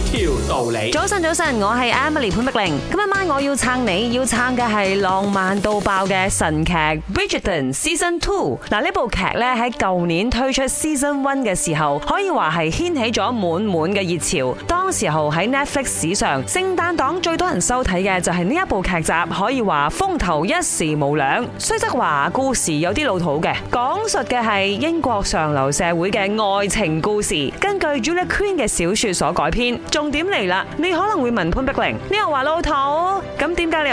條道理。早晨，早晨，我係 Emily 潘碧玲。今晚我要撐你，要撐嘅係浪漫到爆嘅神劇《Bridgerton Season Two》。嗱，呢部劇咧喺舊年推出 Season One 嘅時候，可以話係掀起咗滿滿嘅熱潮。當時候喺 Netflix 史上，聖誕檔最多人收睇嘅就係呢一部劇集，可以話風頭一時無兩。雖則話故事有啲老土嘅，講述嘅係英國上流社會嘅愛情故事，根據 Julia Quinn 嘅小說所改編。重點嚟喇，你可能會問潘碧玲，你又話老土。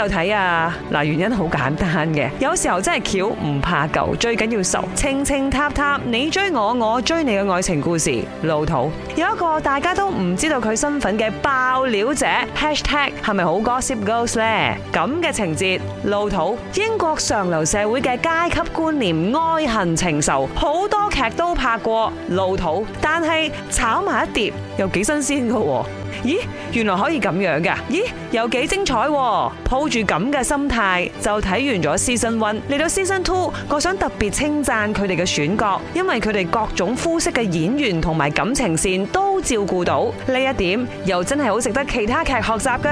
有睇啊！嗱，原因好簡單嘅，有時候真係橋唔怕舊，最緊要熟。清清塔塔，你追我我追你嘅愛情故事，老土。有一個大家都唔知道佢身份嘅爆料者，#hashtag 係咪好 Gossip Girl 咧？咁嘅情節，老土。英國上流社會嘅階級觀念、愛恨情仇，好多劇都拍過。老土，但係炒埋一碟又幾新鮮噶？咦，原來可以咁樣噶？咦，又幾精彩喎。住咁嘅心態就睇完咗《師生 one》，嚟到《師生 two》，我想特別稱讚佢哋嘅選角，因為佢哋各種膚色嘅演員同埋感情線都照顧到，呢一點又真係好值得其他劇學習噶。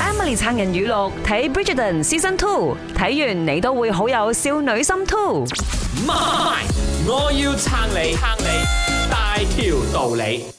Emily 撐人語錄睇 Bridgerton，師生 two，睇完你都會好有少女心 two。媽咪，我要撐你，撐你大條道理。